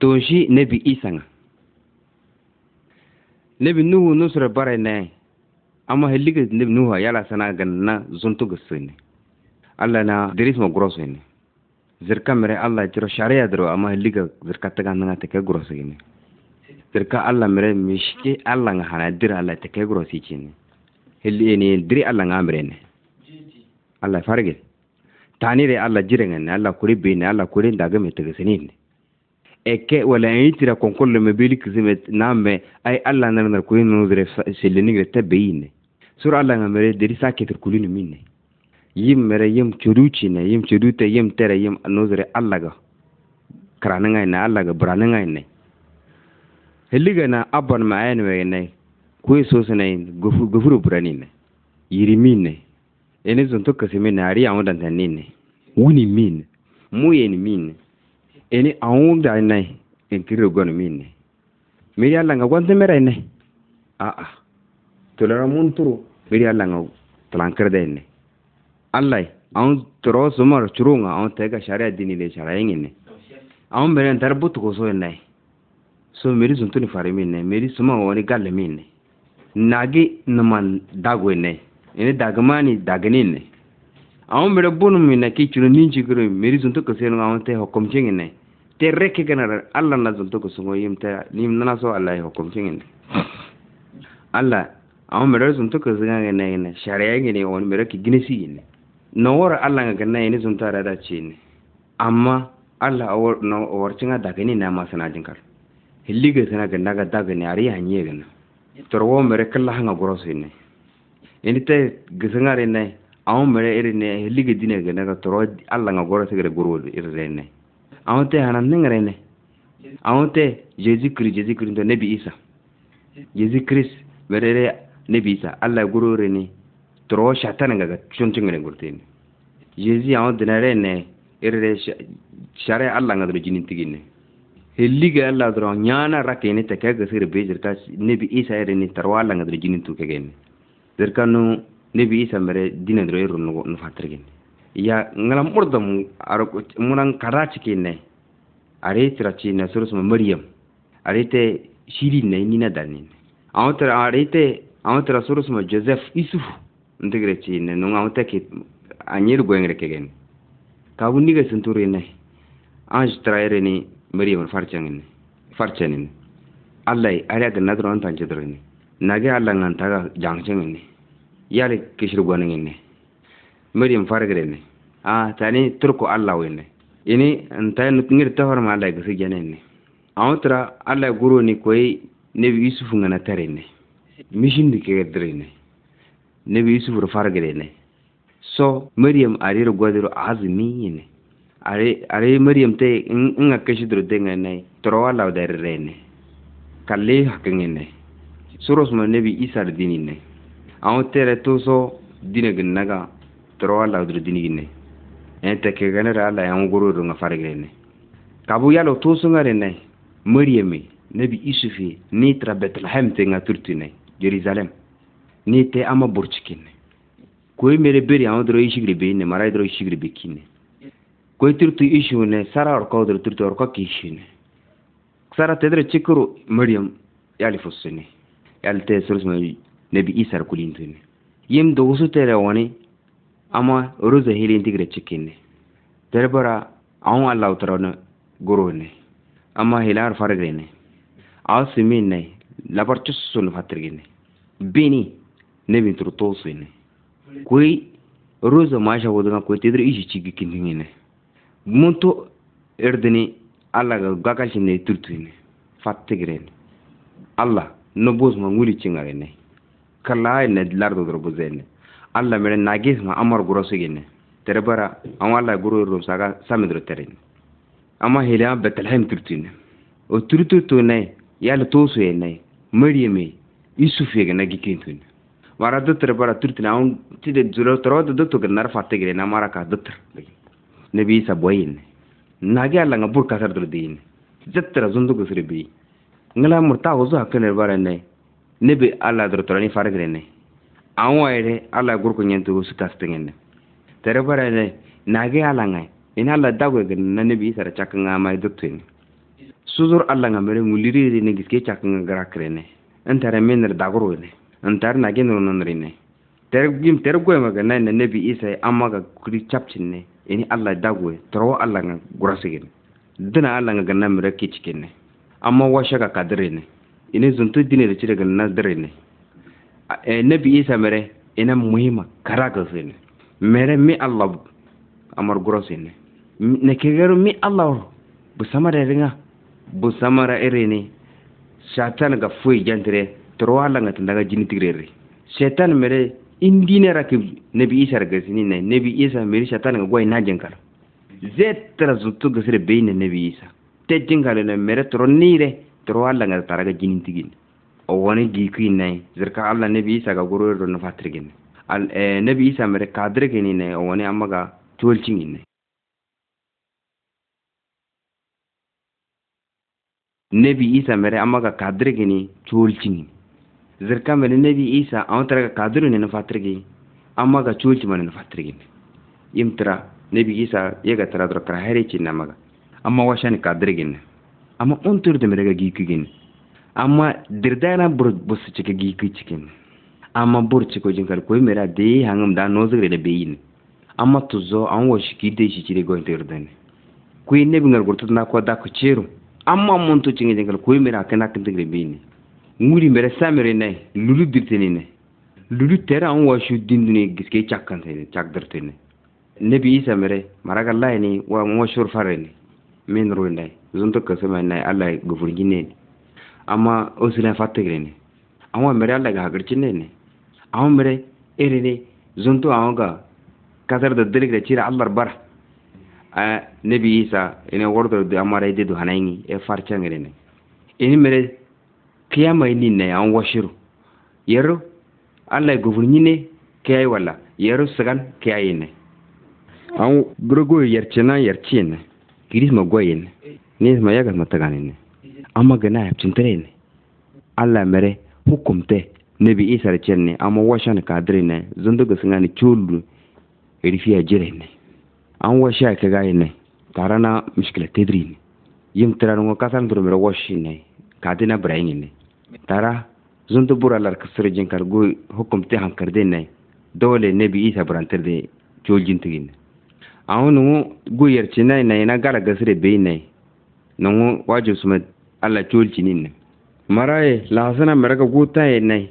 toonshi nebi isaŋa nebi nuhu nusra bara ne amma heliga nebi nuhu yala sana gan na zuntuga sene allah na dirisma grosso ne zirka mere allah jiro sharia dro amma heliga zirka taga nanga teke grosso ne zirka allah mere mishke allah nga hana dira allah teke grosso ne heli ne diri allah nga mere ne allah farge tani re allah jirenga ne allah kuri bi ne allah kuri ndaga me tege senin ne eke wala ayitira konkolo me bili kizimet name ay alla narnar kulin nudre selenigre beine sur alla mere ngamere deri saketir kulin minne yim mere yim ne yim churute yim tere yim no dire alla ga krana ngai na alla ga brana ngai ne heliga na abon ma ayen we ne kuy sosene gofu gofuru yiri minne ene zonto kasimine ari amudan tanine wuni min muyen min. ini aung da nai in kiro gon min ne mi ya la ngon te mere ne a a to la mun turu mi ya la ngau tlan kar de ne allai aung tro sumar churunga aung te ga sharia dini le sharai ngi ne aung mere tar but ko so ne so meri zuntu ni fare min ne meri suma woni gal min ne nagi naman dago ne ini dagmani dagni ne aung mere bunu min ne ki churu ninji gro meri zuntu ko se ngau te hokom chingi ne terre ke ganar Allah na zalto ko sungo yimta nim na so Allah ya hukum fingin Allah awon mere zunto ku zanga ne ne shari'a ne ne wani mere ki ginisi ne na wara Allah ga ganna ne zunta da da ce ne amma Allah awor no awor cinga da ga ne na ma sana jinkar hilliga sana ga daga daga ne ari hanye ga na torwo mere ga goro goros ne ini ta gisanga ne amma mere irin ne hilliga dine ga na torwo Allah ga goro goros ga goro irin ne हांव तें हाणांतल्यान गरायलें हांव तें जेजू क्रिज जेजू क्रिज तो नेबी इसा जेजू क्रिस वेरेरे नेबी इसा alla guroreni toro shatana gaga choncongene gurteni jesi haŋo dinarene irere shara alla ŋa doro jinintigine hellige alla nyana rake rakene te kega sire be jirka nebi isa ereni taro alla ŋa doro jinintu kegene jirka nu nebi isa mere dina doro iru nufatirgene ya ngalam urdam arok munang karachi kinne are trachi na surus maryam are te shiri ne nina danin awtra are te awtra surus ma joseph isuf ndigre chi ne nung awta ki anyir boengre kegen kabuni ga senturi ne anj traere ni maryam farchangin farchanin allai are ga nadron tanjedroni nage alla ngan taga jangchengin yale kishru gonengin ne mirim ne a tani turku allah ne ini ntai ngir tahor ma allah gisi genene awtra allah guru ni koy nebi yusuf ngana ke mishindi ne nebi yusuf ro ne. so mirim arir godiro ne are are mirim te nga kashidro ne toro allah ne kalle ne suros ma bi isa dinine aw tere to so dinaga naga toro alla dini ginne ente ke ganera ala yang guru dunga farigene kabu yalo tusunga rene maryami nabi isufi ni tra betlehem te nga turtine jerusalem ni te ama burchikine koy mere beri awon dro ishigri be ne marai dro ishigri be kine koy turtu ishu ne sara or kodro turtu or kokki ne sara tedre chikuru maryam yali fusine yali te surus nabi isar kulintine yim dogusu tere wani ama roza hili indigre chikine derbara awon allah utarone ne. ama hilar ne, aw simine labar chusul ne. bini ne nebin tur tosine kui roza masha wodana kui tidre ishi chigi ne. muntu erdini allah ga ne, gakalchine turtuine ne. allah no bosma nguli chingarene kala ne lardo dro bozene alla mere nagis ma amar guro sigine tere bara ama alla guro rum saga samidro terene ama hila betlehem turtine o turturtu nay yala tosu ye nay mariyame yusuf yega nagi kentune wara tere bara turtine aun tide zulo torodo dotto gnar gire na mara maraka dotre nabi isa boyine nagi alla ngabur kasar durdine jettara zundugo sirbi ngala murta ozu hakene bara nay nebe alla dortorani fargre nay awa yɛrɛ ala gurku ñentugu su tastiŋende tere ne nage ala ŋa in ala gen na nebi chak nga mai doktueni suzur ala nga mere ri ne giske cakkiŋa gira kirene n tere minir dagurwene n tere ne tere tergim ma ga nai na nebi isa amma ga kuri capcin ne ini allah dagwe ala e, nga gura sigen dina allah ga gana mere kichkin ne amma washe ga kadire ne ini zuntu dine da chire ganna dire ne Eh, nabi isa mere ina muhima karaga sene mere mi allah amar guro sene ne kegeru mi allah bu samara ringa bu samara irene shatan ga fuyi jantire torwa langa daga jini tigrere shatan mere indine rakib nabi isa ga sini ne nabi isa mere shatan ga gwai najin kala zai tara zutu ga sire bayin nabi isa te jingale ne mere toro nire torwa langa daga jini tigin owwani giikuinai zirka allah nebi isa ga gurordo nafatirgine al nebi isa mere kadirgeninai owwani amaga tuwolcinginai nebi isa mere amaga kadirgini tuwolcingini zirka mere nebi isa awantaraga kadiruni nafatirgi amaga tuwolcimani nafatirgini imtira nebi isa yega tara doro kara hericin namaga amma washani kadirgine amma unturdi merega giikuigini amma dirdana bur busu cika giki cikin amma bur ciko jin kar koy mera de hangam da no zure da beyin amma tuzo an wo shi kide shi cire go dirdan ku ne bingar gurtu na ko da ku ciru amma mun to jin kar koy mera kana kan digre beyin nguri mera samere ne lulu dirtene ne lulu tera an wo shi ne giske chakkan ne chak dirtene nebi isa mere maraga lai ne wa mo shur fare ne min ruinai zunto kasama nai Allah gufurgine ne ama osile fatigirene awa mere alla ga hagircinene awa mere iri erene zuntu awa ga kasar da dilgre cira allar bara a nabi isa ene wordo de amara ide do hanangi e farcangirene ini mere kiyama ini ne an washiru yero alla governine kiyai wala yero sagan kiyai ne an grogo yercina yercine kirisma goyene nisma yagas mataganine amaga na ne Allah mere hukumte bi isar ne amma washan kadirene zunduga singani chulu rifiya ne an washa ka tare na mishkila tedrine yim tiranu kasan durmira washine kadina brayingine tara zundu buralar kasirjin kargu hukumte ne dole bi isa burantirde a wani guyar cinai na ina gala gasire Na wajen su sumet Ala colcinin ninne mara ye laxasana maraka guta ye nai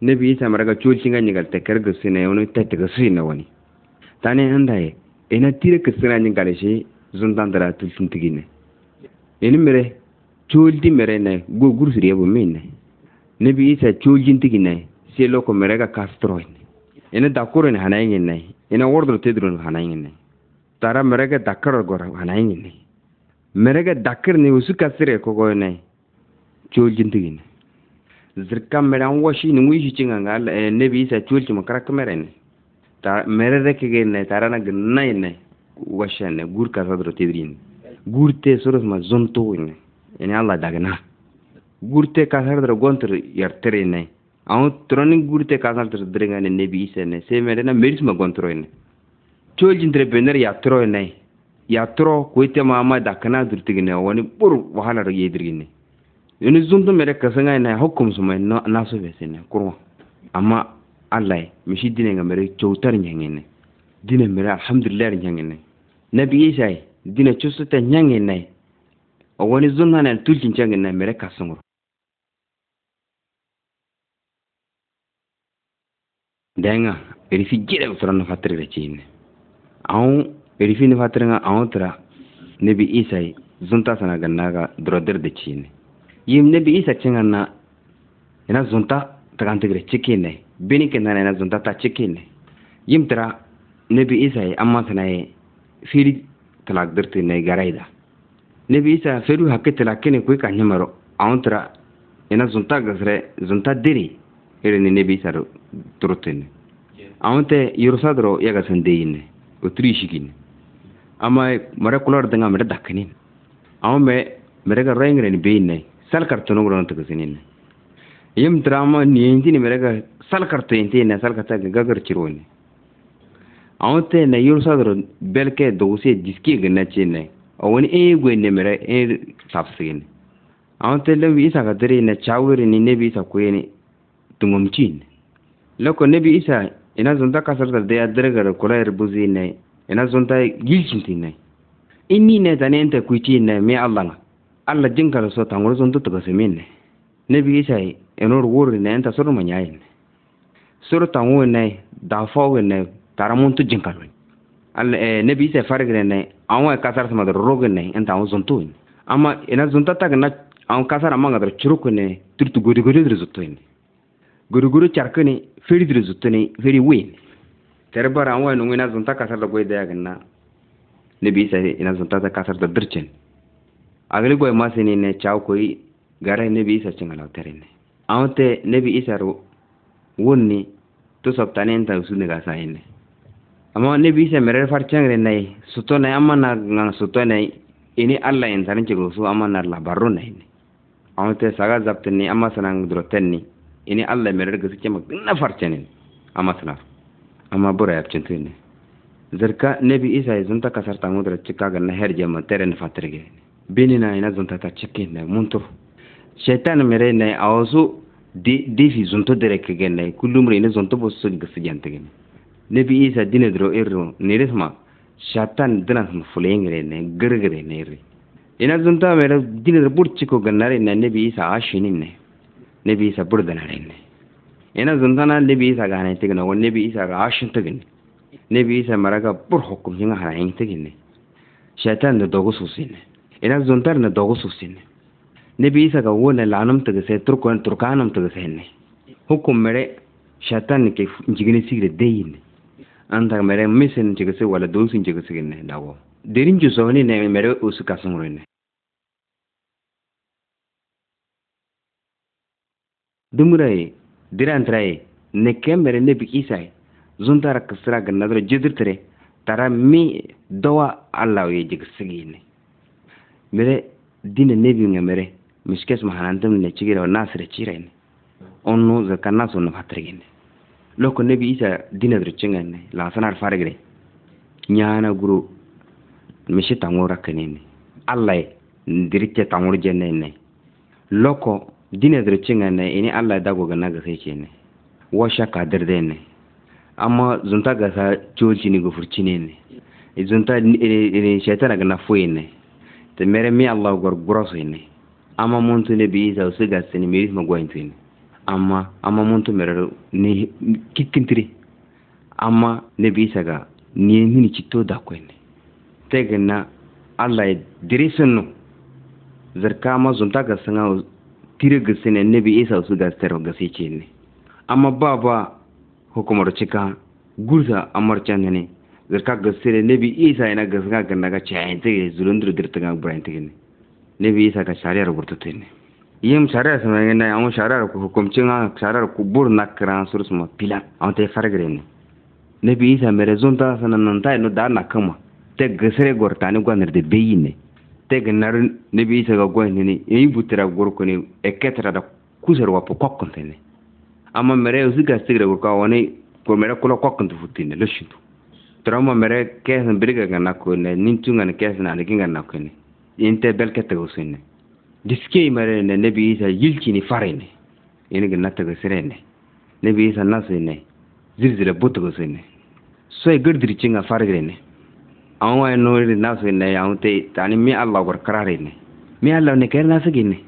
ne bi isa maraka colcinga ñigal te kerga sina ye woni tetega sina woni tani andaye ye ena tire ke sina ñigale si zuntandara tigi ne ini mere colti mere nai go gursiri yebo min nai nebi isa colcintigi nai selo ko mereka kastroin ena dakuro ni hanayingin nai ena wordro tedro ni hanayingin nai tara mereka dakaro gor hanayin nai Mereka dakir ni usu kasire koko ne. Chul jintigi ne. Zirka mera angwa shi ni ngui shi chinga nga nebi isa chul chima karak mere ne. Mere reke ge ne tarana gna ne. Washa ne gur kasadro tidri ne. Gur te soros ma zonto ne. Ene Allah dagna. Gur te kasadro yar tere ne. Aun tronin gur te kasadro drenga ne nebi isa ne. Se mere na ma gontro ne. Chul jintre bener tro ne. ya k'o kuite mama da kana ne wani bur wahalar yedirgine yoni zuntu mere kasanga na hukum suma na naso besene kurwa amma Allah shi dine ga mere choutar nyangene dine mere alhamdulillah nyangene nabi isa dine chusuta o wani zunna na tulkin changene mere kasungro denga erifi fi jire furana da chine aun irfi ni fatirnga aotra nebi isai zunta sana ganna ga drodir de chine yim nebi isa chingana ina zunta tagantigre chikine bini kenana ina zunta ta chikine yim tra nebi isai amma sana sanaye firi dirti ne garaida nebi isa feru hakke talakene kuy kanyamaro aotra ina zunta gasre zunta diri ere ne nebi isa turutene aonte yerusadro yagasandeyine otrishikine amma mare kulor denga mare dakini ama me mare ga rengre ni beinne sal kartu no gron tukisinin yim drama ni enti ni mare ga sal kartu enti ne sal karta ga gagar chironi ama te ne yur sadro belke dose jiski gna chine awani e eh gwenne mare e eh tafsigin ama te le wi sa ga dere ne chawri ni ne bi sa kuyeni tungum chin loko ne isa ina zonta kasar da ya ina zonta gilkin tin nai inni ne zanen ta kuichi ne me Allah na Allah jin kala so tangur zon to ta min ne ne bi sai enor wor ne ta sor ma nyai ne sor tangu ne da fo ne taramun tu jin kala Allah e ne bi sai farg ne ne awon kasar sama da rog ne en ta zonto ne amma ina zon ta na awon kasar amma ga churuk e ne turtu godi godi zotto e ne godi godi charkane feri zotto ne feri e wen terbara an wani ina zonta kasar da goida yagan na ne bi sai ina zonta ta kasar da dircin agli goyi masu ne chaw koi gara ne bi isa chingala tere ne wata ne bi isaro ne to ne ta su ne gasa ne amma ne bi sai merer far ne nai suto ne, amma na ngang suto ne, ini allah en tarin cikin su amma na labarun barro nai ne wata saga zaftin ne amma sanang durotan ni ini allah merer ga sikema na farcen ne, amma sanar amma bura yabcintine zarka nebi isa zunta kasar ta mudra cika ganna her jama teren fatrige bini na ina zunta ta cikin ne muntur shaitan mere ne a wasu difi zunto dere kige ne kullum ina zunto bo su gisi jantige ne nebi isa dine dro irro ne resma shaitan dina sun fulengire ne girgire ne ri ina zunta mere dine bur ciko gannare ne nebi isa ashinin ne nebi isa burdana ne ina zuntana libi isa gane na wa libi isa ga ashin tigini libi isa maraga bur hukum hinga harayin tigini shaitan na dogo susine ina zuntar na dogo susine libi isa ga wo na lanum tigise turkan turkanum tigise ne hukum mere shaitan ke jigini sigre deyini anta mere misin jigise wala dunsin jigise ne dawo derin ju sohni ne mere usu dumura ye. dirantraye ne kemere ne bikisay zuntara kisra gannadro jidirtire tara mi dowa allaw ye jigsigine mere dina nebinga mere miskes mahanantam ne chigira wa nasre chirene onnu zakanaso no patrigine loko nebi isa dina dro chingane lansanar farigre nyana guru mishi tangora kenene allay ndiritte tangor jenene loko dina dircinga ne ini allah dago ga naga sai ke ne washa kadir dai ne amma zunta ga sa coci ni gufurci ne ne zunta ne shaitana ga na foye ne ta mere mi allah gura su ne amma mun tu ne bi isa su ga sani meri ma gwayin tu ne amma amma mun tu mere ne kikkintiri amma ne bi isa ga ni mini cito da kwai ne ta na allah ya dirisin nu zarka ma zunta ga sanga tire tirigisi ne bi isa su ga stero ga sice ne amma ba ba hukumar cika gurza amarcan ne zirka ga sire ne bi isa ina ga zaka ga daga chayin te zulundur dirta ga brain te ne ne bi isa ka shari'ar gurta te ne yim shari'ar sama ne na amma shari'ar ku hukumcin ha shari'ar ku bur na kran sur sama pila amma te fargare ne ne bi isa mere zonta sanan nan ta no da na kama te ga sire gortani gwanar da bayi ne teg nar ne bi isaga gwenini yi butira gorkoni eketara da kusar wapo kokkontene amma mere usiga sigira gurka wani ko mere kula kokkontu futine lushintu trama mere kesen ka gana ko ne nintunga ne kesen ane kinga na ko ne inte belke te usine diske mere ne ne bi isa yilchini farene ene ganna te sirene ne bi isa nasine zirzira su sine so e gurdirichinga ne. awon wa no ri na so ne awon te tani mi allah gor karare ne mi allah ne ker na sigi ne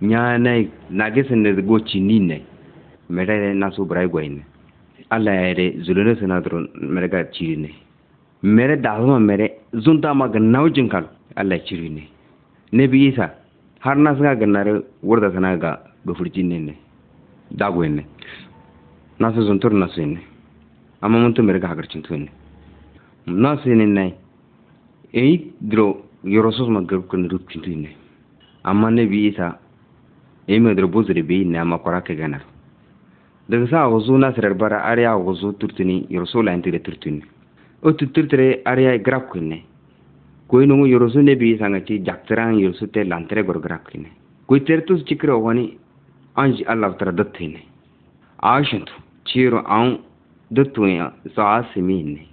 nya ne na ges ne go chi ni ne mere na so brai go ne allah ya re zulune se na dron mere ga chi ne mere da ma mere zunta ma ga nawo jin kal allah chi ri ne ne bi isa har na sa ga na re wurda sana ga go furjin ne ne da go ne na so zuntur na so ne amma mun to mere ga hagar cin to ne naa seeninai eyi duro yerosos magaribu kan irut kintu inai amma ne bi isa eyi madara bozere bi inai amma kora ke ganar daga sa wuzu na sirar bara ariya wuzu turtuni yeroso la intire turtuni o tuturtere ariya grab kinai koyi nungu yeroso ne bi isa ngati jaktiran yeroso te lantere gor grab kinai koyi tertus chikre wani anji allah tara dattine sa'a simi inai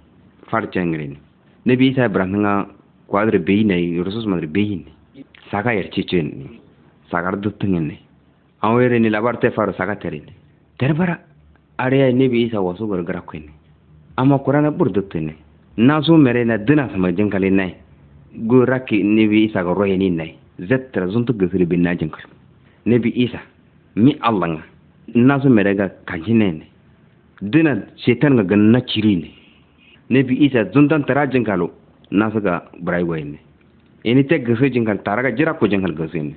farcangare ne na bi ta ibrahim nga kwadre beyi na yursus madre beyi ne saka yarci ce ne sakar duttun ne an were ni labar ta fara saka tare ne tare bara ariya ne bi isa wasu gargara kwai ne amma kurana bur duttun ne na so mere na dina sama jinkali nai guraki ne bi isa ga roye ni nai zettara zuntu gasiri bin na jinkali ne bi isa mi allah nga na so mere ga kanji ne ne dina shetan ga ganna ciri ne ne bi isa zundan tara jinkalo nasaga brai ne ini te gese jinkal ga jira ko jinkal gese ne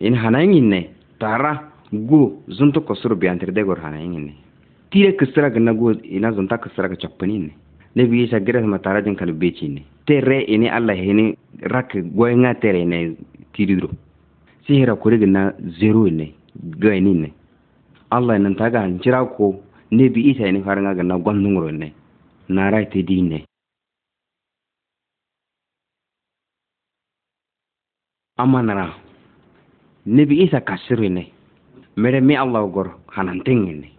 ini hanayngin ne tara gu zunta ko suru biantir de gor hanayngin ne tire kisra ga nago ina zunta kisra ga chappanin ne ne bi isa gira ma tara jinkal beci ne tere ini allah ini rak nga tere ne tiridro sihira ko riga na zero ne gaynin ne allah nan ga jira ko ne bi isa ini faranga ga na gwamnungro ne dine. amanara nebi isa ne. mere mi allah gor ne,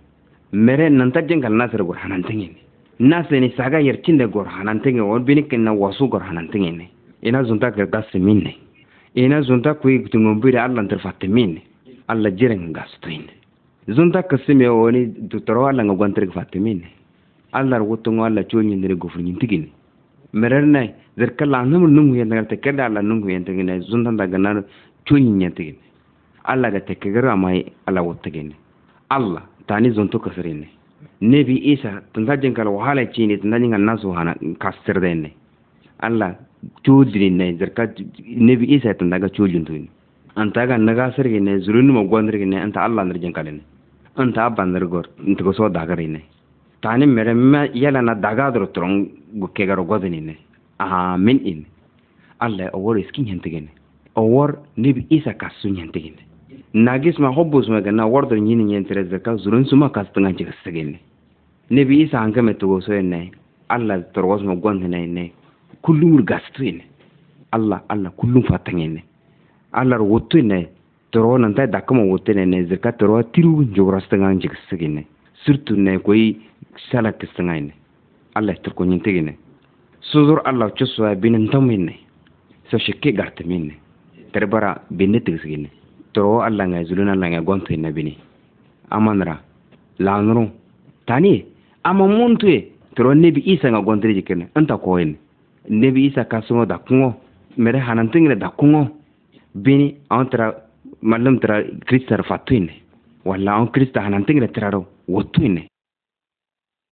mere nanta jengal nasir ne, hanantingini ni saga yercinde gor hanantingi won binikina wasu gor ne, ina zunta min ne. ina zunta kui tungombire allah min ne, allah jiren ne. zunta kasime woni dutoro allah min ne. allar wutun wala chonyi ndere gofuni ntigini merer ne zer kala namur nungu yen daga tekker da alla nungu yen tigini zundan daga nar chonyi nyen tigini alla ga tekker gara mai alla wuttigini alla tani zuntu ne nebi isa tunda kala wahala chini tunda jingal nasu hana den kasirde alla chodiri ne zer ka nebi isa tunda ga chodin tuini anta ga naga sirgi ne zurun mo gondirgi ne anta alla nirjin kalene anta abandir gor ntko so dagari ne tani meremima yalana dagadro tron gukegaro godinine aha min in alla awor iskin hentigene awor nib isa kasun hentigene nagisma hobbusma gana wardor nyini nyentere zaka zurun suma kastanga jigasagene nebi isa angame tugoso ene alla torwasma gondina ene kullumur gastu ene alla alla kullum fatangene alla wotu ene toro nanta dakama wotu ene zirka toro tiru njogorastanga jigasagene surtout ne koy sala kisangaine allah turkuñintigine sudur allah cusuwa binantomine so shikke gartamine terbara binne tigsigine toro allah ngai zulun allah ngai gontoinna bini amanra lanru tani ama muntuye toro nebi isa nga gontiri jikene anta koyne nebi isa da dakungo mere hanantingine kungo bini an malum tra kristar fatuine wala an krista hanantingine traro wotuine